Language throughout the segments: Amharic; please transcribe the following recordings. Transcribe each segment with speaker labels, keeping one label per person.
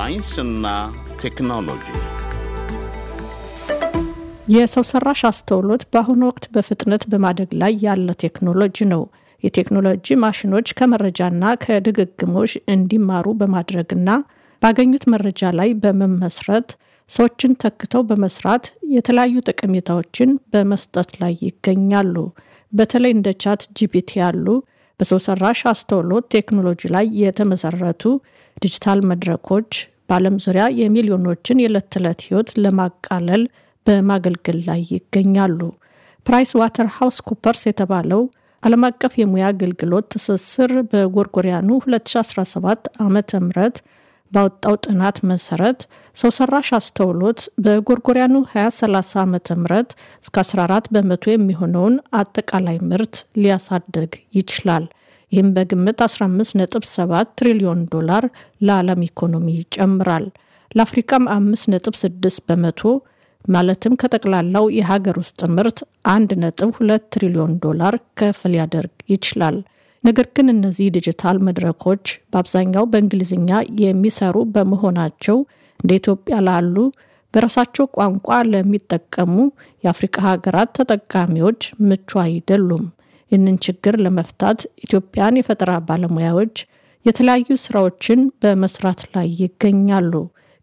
Speaker 1: ሳይንስና ቴክኖሎጂ
Speaker 2: የሰው ሰራሽ አስተውሎት በአሁኑ ወቅት በፍጥነት በማደግ ላይ ያለ ቴክኖሎጂ ነው። የቴክኖሎጂ ማሽኖች ከመረጃና ከድግግሞች እንዲማሩ በማድረግና ባገኙት መረጃ ላይ በመመስረት ሰዎችን ተክተው በመስራት የተለያዩ ጠቀሜታዎችን በመስጠት ላይ ይገኛሉ። በተለይ እንደ ቻት ጂፒቲ ያሉ በሰው ሰራሽ አስተውሎት ቴክኖሎጂ ላይ የተመሰረቱ ዲጂታል መድረኮች በዓለም ዙሪያ የሚሊዮኖችን የዕለት ተዕለት ህይወት ለማቃለል በማገልገል ላይ ይገኛሉ። ፕራይስ ዋተር ሃውስ ኩፐርስ የተባለው ዓለም አቀፍ የሙያ አገልግሎት ትስስር በጎርጎሪያኑ 2017 ዓ ም ባወጣው ጥናት መሰረት ሰው ሰራሽ አስተውሎት በጎርጎሪያኑ 2030 ዓ ም እስከ 14 በመቶ የሚሆነውን አጠቃላይ ምርት ሊያሳድግ ይችላል። ይህም በግምት 15.7 ትሪሊዮን ዶላር ለዓለም ኢኮኖሚ ይጨምራል። ለአፍሪካም 5.6 በመቶ ማለትም ከጠቅላላው የሀገር ውስጥ ምርት 1.2 ትሪሊዮን ዶላር ከፍ ሊያደርግ ይችላል። ነገር ግን እነዚህ ዲጂታል መድረኮች በአብዛኛው በእንግሊዝኛ የሚሰሩ በመሆናቸው እንደ ኢትዮጵያ ላሉ በራሳቸው ቋንቋ ለሚጠቀሙ የአፍሪካ ሀገራት ተጠቃሚዎች ምቹ አይደሉም። ይህንን ችግር ለመፍታት ኢትዮጵያን የፈጠራ ባለሙያዎች የተለያዩ ስራዎችን በመስራት ላይ ይገኛሉ።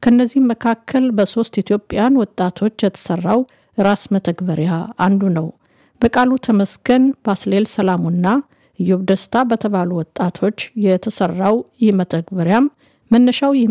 Speaker 2: ከነዚህ መካከል በሶስት ኢትዮጵያን ወጣቶች የተሰራው ራስ መተግበሪያ አንዱ ነው። በቃሉ ተመስገን፣ ባስሌል ሰላሙና ኢዮብ ደስታ በተባሉ ወጣቶች የተሰራው ይህ መተግበሪያም መነሻው ይህ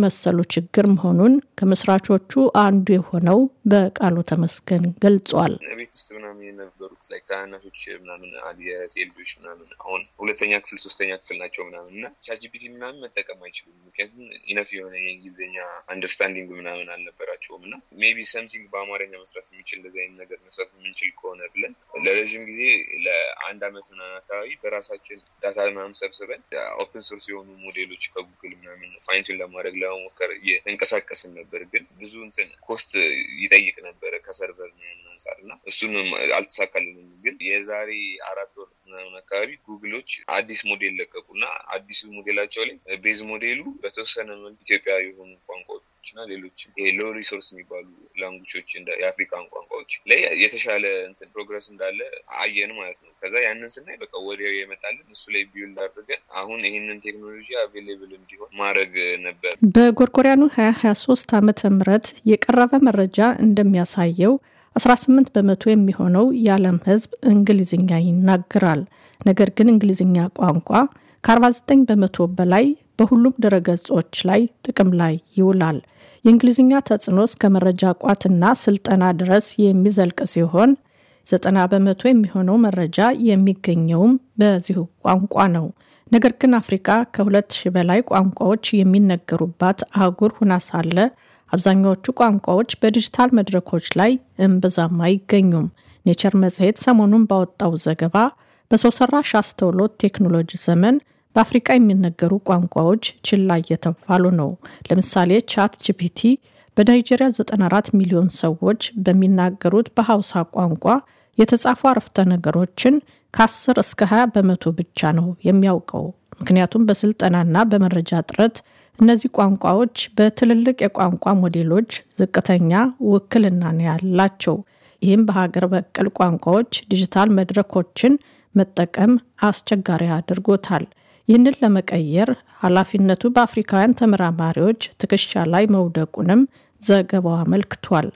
Speaker 2: ችግር መሆኑን ከመስራቾቹ አንዱ የሆነው በቃሉ ተመስገን ገልጿል።
Speaker 1: ቤት ውስጥ ምናምን የነበሩት ላይ ካህናቶች ምናምን የጤ ልጆች ምናምን አሁን ሁለተኛ ክፍል ሶስተኛ ክፍል ናቸው ምናምን እና ቻጂቢቲ ምናምን መጠቀም አይችሉም። ምክንያቱም ኢነፍ የሆነ የእንግሊዝኛ አንደርስታንዲንግ ምናምን አልነበራቸውም እና ሜቢ ሰምቲንግ በአማርኛ መስራት የሚችል ለዚ አይነት ነገር መስራት የምንችል ከሆነ ብለን ለረዥም ጊዜ ለአንድ አመት ምናምን አካባቢ በራሳችን ዳታ ምናምን ሰብስበን ኦፕን ሶርስ የሆኑ ሞዴሎች ከጉግል ምናምን ፋይን ራሳችን ለማድረግ ለመሞከር እየተንቀሳቀስን ነበር። ግን ብዙ እንትን ኮስት ይጠይቅ ነበረ ከሰርቨር ምናምን አንጻር እና እሱን አልተሳካልንም። ግን የዛሬ አራት ወር ምናምን አካባቢ ጉግሎች አዲስ ሞዴል ለቀቁ እና አዲሱ ሞዴላቸው ላይ ቤዝ ሞዴሉ በተወሰነ መልክ ኢትዮጵያ የሆኑ ቋንቋዎች እና ሌሎች ሎ ሪሶርስ የሚባሉ ላንጉጆች የአፍሪካን ቋንቋዎች ላይ የተሻለ እንትን ፕሮግረስ እንዳለ አየን ማለት ነው። ከዛ ያንን ስናይ በቃ ወዲያው የመጣልን እሱ ላይ ቢውልድ አድርገን አሁን ይህንን ቴክኖሎጂ አቬሌብል እንዲሆን ማድረግ ነበር።
Speaker 2: በጎርጎሪያኑ ሀያ ሀያ ሶስት ዓመተ ምረት የቀረበ መረጃ እንደሚያሳየው 18 በመቶ የሚሆነው የዓለም ህዝብ እንግሊዝኛ ይናገራል። ነገር ግን እንግሊዝኛ ቋንቋ ከ49 በመቶ በላይ በሁሉም ድረገጾች ላይ ጥቅም ላይ ይውላል። የእንግሊዝኛ ተጽዕኖ እስከ መረጃ ቋትና ስልጠና ድረስ የሚዘልቅ ሲሆን ዘጠና በመቶ የሚሆነው መረጃ የሚገኘውም በዚሁ ቋንቋ ነው። ነገር ግን አፍሪካ ከሁለት ሺህ በላይ ቋንቋዎች የሚነገሩባት አህጉር ሁና ሳለ አብዛኛዎቹ ቋንቋዎች በዲጂታል መድረኮች ላይ እምብዛም አይገኙም። ኔቸር መጽሔት ሰሞኑን ባወጣው ዘገባ በሰው ሰራሽ አስተውሎት ቴክኖሎጂ ዘመን በአፍሪቃ የሚነገሩ ቋንቋዎች ችላ እየተባሉ ነው። ለምሳሌ ቻት ጂፒቲ በናይጄሪያ 94 ሚሊዮን ሰዎች በሚናገሩት በሐውሳ ቋንቋ የተጻፉ አረፍተ ነገሮችን ከ10 እስከ 20 በመቶ ብቻ ነው የሚያውቀው። ምክንያቱም በስልጠናና በመረጃ እጥረት እነዚህ ቋንቋዎች በትልልቅ የቋንቋ ሞዴሎች ዝቅተኛ ውክልና ነው ያላቸው። ይህም በሀገር በቀል ቋንቋዎች ዲጂታል መድረኮችን መጠቀም አስቸጋሪ አድርጎታል። ይህንን ለመቀየር ኃላፊነቱ በአፍሪካውያን ተመራማሪዎች ትከሻ ላይ መውደቁንም ዘገባው አመልክቷል።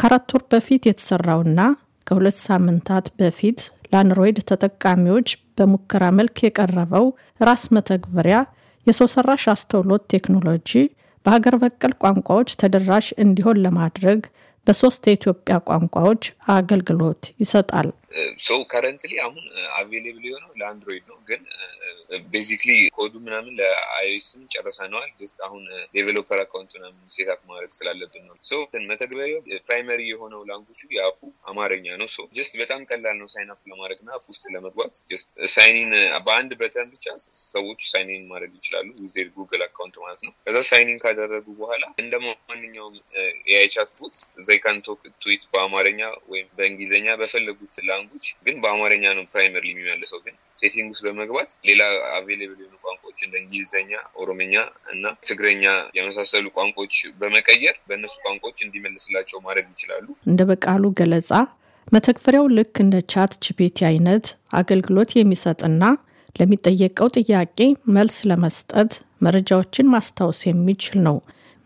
Speaker 2: ከአራት ወር በፊት የተሰራውና ከሁለት ሳምንታት በፊት ለአንድሮይድ ተጠቃሚዎች በሙከራ መልክ የቀረበው ራስ መተግበሪያ የሰው ሰራሽ አስተውሎት ቴክኖሎጂ በሀገር በቀል ቋንቋዎች ተደራሽ እንዲሆን ለማድረግ በሶስት የኢትዮጵያ ቋንቋዎች አገልግሎት ይሰጣል።
Speaker 1: ሰው ከረንትሊ አሁን አቬሌብል uh, የሆነው ለአንድሮይድ ነው፣ ግን ቤዚክሊ uh, uh, ኮዱ ምናምን ለአይስም ጨርሰነዋል። ጀስት አሁን ዴቨሎፐር አካውንት ምናምን ሴታፕ ማድረግ ስላለብን ነው። ሰው መተግበሪያው ፕራይመሪ የሆነው ላንጉጁ የአፑ አማርኛ ነው። ሶ ጀስት በጣም ቀላል ነው ሳይን አፕ ለማድረግ ና አፕ ውስጥ ለመግባት ጀስት ሳይኒን በአንድ በተን ብቻ ሰዎች ሳይኒን ማድረግ ይችላሉ። ጊዜ ጉግል አካውንት ማለት ነው። ከዛ ሳይኒን ካደረጉ በኋላ እንደ ማንኛውም የአይቻት ቦት ዘይካንቶክ ትዊት በአማርኛ ወይም በእንግሊዝኛ በፈለጉት ላ ላንጉጅ ግን በአማርኛ ነው ፕራይመር የሚመልሰው። ግን ሴቲንግ ውስጥ በመግባት ሌላ አቬሌብል የሆኑ ቋንቋዎች እንደ እንግሊዝኛ፣ ኦሮምኛ እና ትግረኛ የመሳሰሉ ቋንቋዎች በመቀየር በእነሱ ቋንቋዎች እንዲመልስላቸው ማድረግ ይችላሉ።
Speaker 2: እንደ በቃሉ ገለጻ መተግፈሪያው ልክ እንደ ቻት ጂፒቲ አይነት አገልግሎት የሚሰጥና ለሚጠየቀው ጥያቄ መልስ ለመስጠት መረጃዎችን ማስታወስ የሚችል ነው።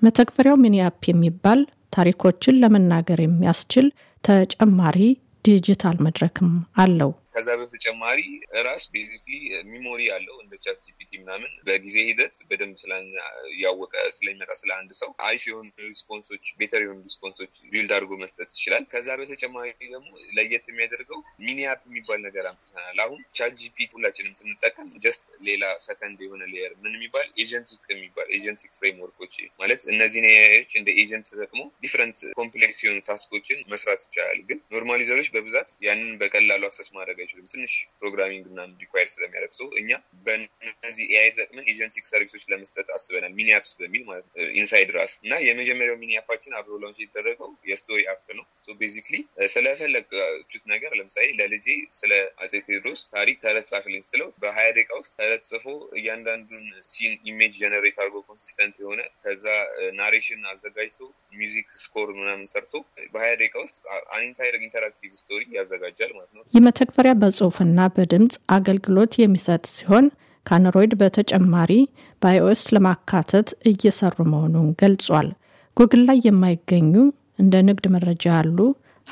Speaker 2: መተግፈሪያው ሚኒያፕ የሚባል ታሪኮችን ለመናገር የሚያስችል ተጨማሪ ዲጂታል መድረክም አለው።
Speaker 1: ከዛ በተጨማሪ ራስ ቤዚክሊ ሚሞሪ ያለው እንደ ቻት ምናምን በጊዜ ሂደት በደንብ ስላያወቀ ስለሚመጣ ስለ አንድ ሰው አይሽ የሆኑ ሪስፖንሶች ቤተር የሆኑ ሪስፖንሶች ቢልድ አድርጎ መስጠት ይችላል። ከዛ በተጨማሪ ደግሞ ለየት የሚያደርገው ሚኒያፕ የሚባል ነገር አምስናል። አሁን ቻትጂፒቲ ሁላችንም ስንጠቀም ጀስት ሌላ ሰከንድ የሆነ ሌየር ምን የሚባል ኤጀንቲክ የሚባል ኤጀንቲክ ፍሬምወርኮች ማለት እነዚህን ኤአይዎች እንደ ኤጀንት ተጠቅሞ ዲፍረንት ኮምፕሌክስ የሆኑ ታስኮችን መስራት ይቻላል። ግን ኖርማሊዘሮች በብዛት ያንን በቀላሉ አሰስ ማድረግ አይችሉም። ትንሽ ፕሮግራሚንግ ምናምን ሪኳየር ስለሚያደርግ ሰው እኛ በነዚህ ኤአይ ተጠቅመን ኤጀንቲክ ሰርቪሶች ለመስጠት አስበናል። ሚኒ አፕስ በሚል ማለት ነው። ኢንሳይድ ራስ እና የመጀመሪያው ሚኒ አፓችን አብሮ ላንች የተደረገው የስቶሪ አፕ ነው። ቤዚክሊ uh, ስለፈለጋችሁት ነገር ለምሳሌ ለልጄ ስለ አፄ ቴዎድሮስ ታሪክ ተረት ጻፍልኝ ስለው በሀያ ደቂቃ ውስጥ ተረት ጽፎ እያንዳንዱን ሲን ኢሜጅ ጀነሬት አድርጎ ኮንሲስተንት የሆነ ከዛ ናሬሽን uh, አዘጋጅቶ ሚዚክ ስኮር ምናምን ሰርቶ በሀያ ደቂቃ ውስጥ አንታይር ኢንተራክቲቭ ስቶሪ ያዘጋጃል ማለት
Speaker 2: ነው። ይህ መተግበሪያ በጽሁፍና በድምፅ አገልግሎት የሚሰጥ ሲሆን ከአንድሮይድ በተጨማሪ በአይኦኤስ ለማካተት እየሰሩ መሆኑን ገልጿል። ጉግል ላይ የማይገኙ እንደ ንግድ መረጃ ያሉ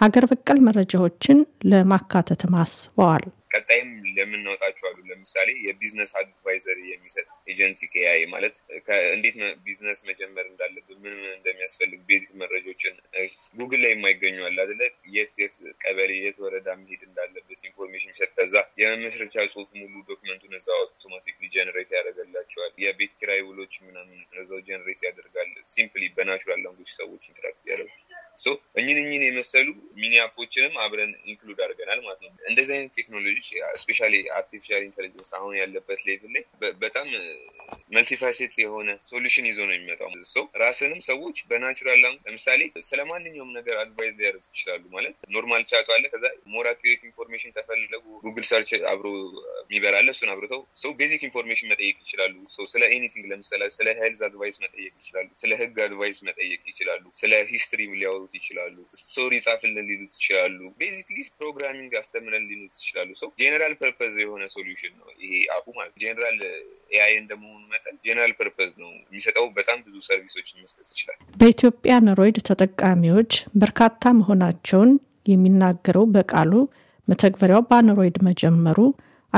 Speaker 2: ሀገር በቀል መረጃዎችን ለማካተት ማስበዋል።
Speaker 1: ቀጣይም ለምናወጣቸው አሉ። ለምሳሌ የቢዝነስ አድቫይዘሪ የሚሰጥ ኤጀንሲ ከያይ ማለት እንዴት ቢዝነስ መጀመር እንዳለብን ምን ምን እንደሚያስፈልግ ቤዚክ መረጃዎችን ጉግል ላይ የማይገኙ አለ አይደለ? የስ የት ቀበሌ የስ ወረዳ መሄድ እንዳለበት ኢንፎርሜሽን ይሰጥ። ከዛ የመስረቻ ጽሁፍ ሙሉ ዶክመንቱን እዛ አውቶማቲክሊ ጀነሬት ያደርግላቸዋል። የቤት ኪራይ ውሎች ምናምን እዛው ጀነሬት ያደርጋል። ሲምፕሊ በናቹራል ላንጉጅ ሰዎች ኢንትራክት ያደርጋል። እኝን እኝን የመሰሉ ሚኒያፖችንም አብረን ኢንክሉድ አድርገናል ማለት ነው። እንደዚህ አይነት ቴክኖሎጂዎች ስፔሻ አርቲፊሻል ኢንቴሊጀንስ አሁን ያለበት ሌቭል ላይ በጣም መልቲፋሴት የሆነ ሶሉሽን ይዞ ነው የሚመጣው። ሰው ራስንም ሰዎች በናቹራል ላንጉ ለምሳሌ ስለ ማንኛውም ነገር አድቫይዝ ሊያደርጉ ይችላሉ። ማለት ኖርማል ቻቱ አለ። ከዛ ሞር አኪሬት ኢንፎርሜሽን ተፈለጉ ጉግል ሰርች አብሮ የሚበራለ እሱን አብርተው ሰው ቤዚክ ኢንፎርሜሽን መጠየቅ ይችላሉ። ሰው ስለ ኤኒቲንግ ለምሳሌ ስለ ሄልዝ አድቫይስ መጠየቅ ይችላሉ። ስለ ህግ አድቫይስ መጠየቅ ይችላሉ። ስለ ሂስትሪ ሊያወሩ ሊሉት ይችላሉ። ስቶሪ ጻፍልን ሊሉት ይችላሉ። ቤዚክሊ ፕሮግራሚንግ አስተምረን ሊሉት ይችላሉ። ሰው ጄኔራል ፐርፐዝ የሆነ ሶሉሽን ነው ይሄ አፑ ማለት ጄኔራል ኤአይ እንደመሆኑ መጠን ጄኔራል ፐርፐዝ ነው የሚሰጠው። በጣም ብዙ ሰርቪሶችን መስጠት ይችላል።
Speaker 2: በኢትዮጵያ አኖሮይድ ተጠቃሚዎች በርካታ መሆናቸውን የሚናገረው በቃሉ መተግበሪያው በአኖሮይድ መጀመሩ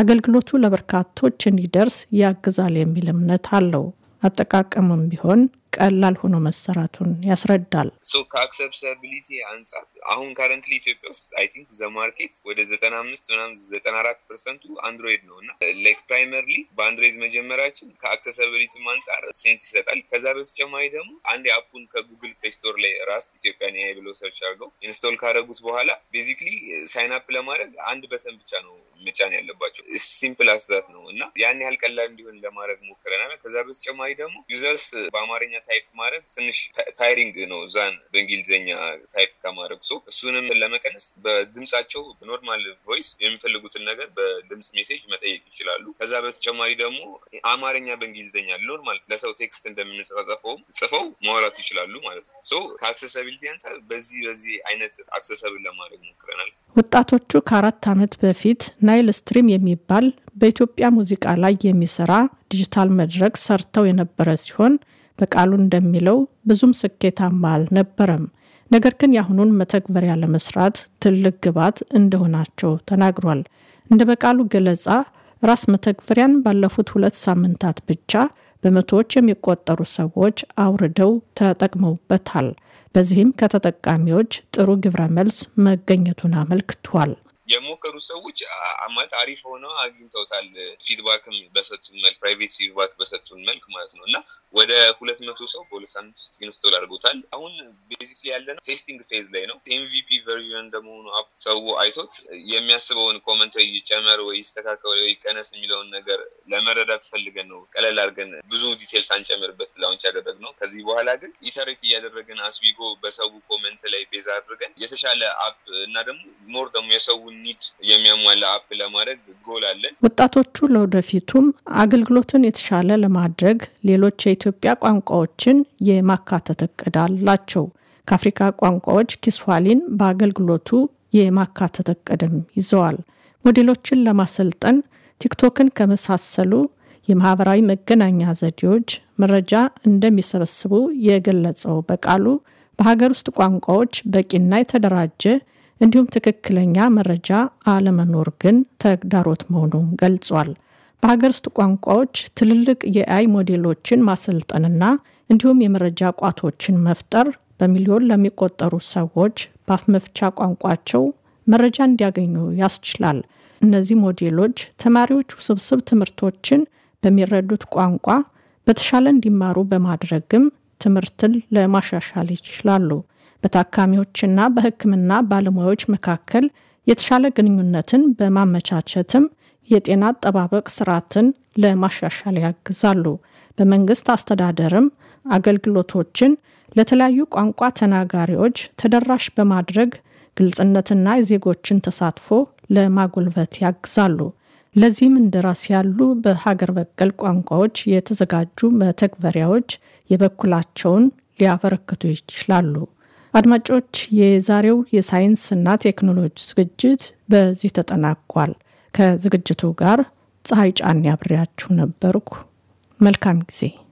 Speaker 2: አገልግሎቱ ለበርካቶች እንዲደርስ ያግዛል የሚል እምነት አለው። አጠቃቀሙም ቢሆን ቀላል ሆኖ መሰራቱን ያስረዳል።
Speaker 1: ከአክሰብሳቢሊቲ አንጻር አሁን ካረንትሊ ኢትዮጵያ ውስጥ አይ ቲንክ ወደ ዘጠና አምስት ምናምን ዘጠና አራት ፐርሰንቱ አንድሮይድ ነው እና ላይክ ፕራይመርሊ በአንድሮይድ መጀመሪያችን ከአክሰሳቢሊቲም አንጻር ሴንስ ይሰጣል። ከዛ በተጨማሪ ደግሞ አንድ አፑን ከጉግል ፕሌስቶር ላይ ራስ ኢትዮጵያን ያይ ብሎ ሰርች አድርገው ኢንስቶል ካደረጉት በኋላ ቤዚክሊ ሳይንአፕ ለማድረግ አንድ በተን ብቻ ነው መጫን ያለባቸው። ሲምፕል አስዛት ነው እና ያን ያህል ቀላል እንዲሆን ለማድረግ ሞክረናል። ከዛ በተጨማሪ ደግሞ ዩዘርስ በአማርኛ ታይፕ ማድረግ ትንሽ ታይሪንግ ነው። እዛን በእንግሊዝኛ ታይፕ ከማድረግ ሰው እሱንም ለመቀነስ በድምፃቸው በኖርማል ቮይስ የሚፈልጉትን ነገር በድምጽ ሜሴጅ መጠየቅ ይችላሉ። ከዛ በተጨማሪ ደግሞ አማርኛ በእንግሊዝኛ ኖርማል ለሰው ቴክስት እንደምንጽፈውም ጽፈው ማውራት ይችላሉ ማለት ነው። ሶ ከአክሰሰቢሊቲ አንጻር በዚህ በዚህ አይነት አክሰሰብል ለማድረግ ሞክረናል።
Speaker 2: ወጣቶቹ ከአራት ዓመት በፊት ናይል ስትሪም የሚባል በኢትዮጵያ ሙዚቃ ላይ የሚሰራ ዲጂታል መድረክ ሰርተው የነበረ ሲሆን በቃሉ እንደሚለው ብዙም ስኬታማ አልነበረም። ነገር ግን የአሁኑን መተግበሪያ ለመስራት ትልቅ ግብዓት እንደሆናቸው ተናግሯል። እንደ በቃሉ ገለጻ ራስ መተግበሪያን ባለፉት ሁለት ሳምንታት ብቻ በመቶዎች የሚቆጠሩ ሰዎች አውርደው ተጠቅመውበታል። በዚህም ከተጠቃሚዎች ጥሩ ግብረ መልስ መገኘቱን አመልክቷል።
Speaker 1: የሞከሩ ሰዎች ማለት አሪፍ ሆነው አግኝተውታል። ፊድባክም በሰጡን መልክ ፕራይቬት ፊድባክ በሰጡን መልክ ማለት ነው እና ወደ ሁለት መቶ ሰው በሁለት ሳምንት ውስጥ ኢንስቶል አድርጎታል። አሁን ቤዚክሊ ያለ ነው ቴስቲንግ ፌዝ ላይ ነው። ኤምቪፒ ቨርዥን እንደመሆኑ ሰው አይቶት የሚያስበውን ኮመንት ወይ ጨመር ወይ ይስተካከል ወይ ቀነስ የሚለውን ነገር ለመረዳት ፈልገን ነው ቀለል አድርገን ብዙ ዲቴል ሳንጨምርበት ላውንች ያደረግ ነው ከዚህ በኋላ ግን ኢተሬት እያደረግን አስቢጎ በሰው ኮመንት ላይ ቤዛ አድርገን የተሻለ አፕ እና ደግሞ ሞር ደግሞ የሰውን ኒድ የሚያሟላ አፕ ለማድረግ ጎል አለን።
Speaker 2: ወጣቶቹ ለወደፊቱም አገልግሎትን የተሻለ ለማድረግ ሌሎች የኢትዮጵያ ቋንቋዎችን የማካተት እቅድ አላቸው። ከአፍሪካ ቋንቋዎች ኪስዋሊን በአገልግሎቱ የማካተት እቅድም ይዘዋል። ሞዴሎችን ለማሰልጠን ቲክቶክን ከመሳሰሉ የማህበራዊ መገናኛ ዘዴዎች መረጃ እንደሚሰበስቡ የገለጸው በቃሉ በሀገር ውስጥ ቋንቋዎች በቂና የተደራጀ እንዲሁም ትክክለኛ መረጃ አለመኖር ግን ተግዳሮት መሆኑን ገልጿል። በሀገር ውስጥ ቋንቋዎች ትልልቅ የአይ ሞዴሎችን ማሰልጠንና እንዲሁም የመረጃ ቋቶችን መፍጠር በሚሊዮን ለሚቆጠሩ ሰዎች በአፍ መፍቻ ቋንቋቸው መረጃ እንዲያገኙ ያስችላል። እነዚህ ሞዴሎች ተማሪዎች ውስብስብ ትምህርቶችን በሚረዱት ቋንቋ በተሻለ እንዲማሩ በማድረግም ትምህርትን ለማሻሻል ይችላሉ። በታካሚዎችና በሕክምና ባለሙያዎች መካከል የተሻለ ግንኙነትን በማመቻቸትም የጤና አጠባበቅ ስርዓትን ለማሻሻል ያግዛሉ። በመንግስት አስተዳደርም አገልግሎቶችን ለተለያዩ ቋንቋ ተናጋሪዎች ተደራሽ በማድረግ ግልጽነትና የዜጎችን ተሳትፎ ለማጎልበት ያግዛሉ። ለዚህም እንደራሴ ያሉ በሀገር በቀል ቋንቋዎች የተዘጋጁ መተግበሪያዎች የበኩላቸውን ሊያበረክቱ ይችላሉ። አድማጮች፣ የዛሬው የሳይንስ እና ቴክኖሎጂ ዝግጅት በዚህ ተጠናቋል። ከዝግጅቱ ጋር ፀሐይ ጫን ያብሬያችሁ ነበርኩ። መልካም ጊዜ